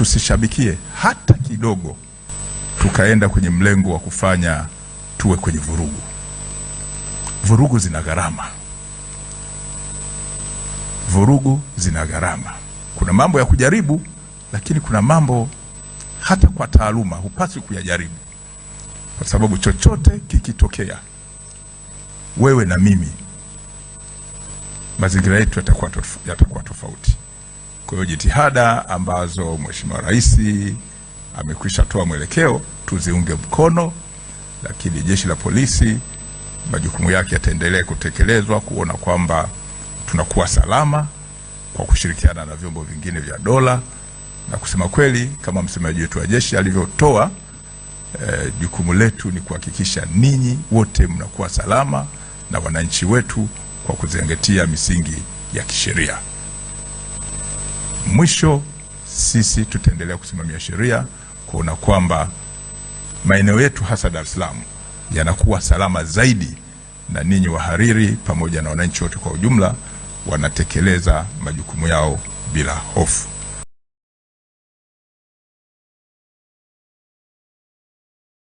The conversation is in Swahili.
tusishabikie hata kidogo, tukaenda kwenye mlengo wa kufanya tuwe kwenye vurugu. Vurugu zina gharama, vurugu zina gharama. Kuna mambo ya kujaribu, lakini kuna mambo hata kwa taaluma hupaswi kuyajaribu, kwa sababu chochote kikitokea, wewe na mimi, mazingira yetu yatakuwa tofauti. Kwa hiyo jitihada ambazo Mheshimiwa Rais amekwisha toa mwelekeo tuziunge mkono, lakini jeshi la polisi majukumu yake yataendelea kutekelezwa kuona kwamba tunakuwa salama kwa kushirikiana na vyombo vingine vya dola, na kusema kweli kama msemaji wetu wa jeshi alivyotoa, eh, jukumu letu ni kuhakikisha ninyi wote mnakuwa salama na wananchi wetu kwa kuzingatia misingi ya kisheria. Mwisho, sisi tutaendelea kusimamia sheria kuona kwamba maeneo yetu hasa Dar es Salaam yanakuwa salama zaidi, na ninyi wahariri pamoja na wananchi wote kwa ujumla wanatekeleza majukumu yao bila hofu.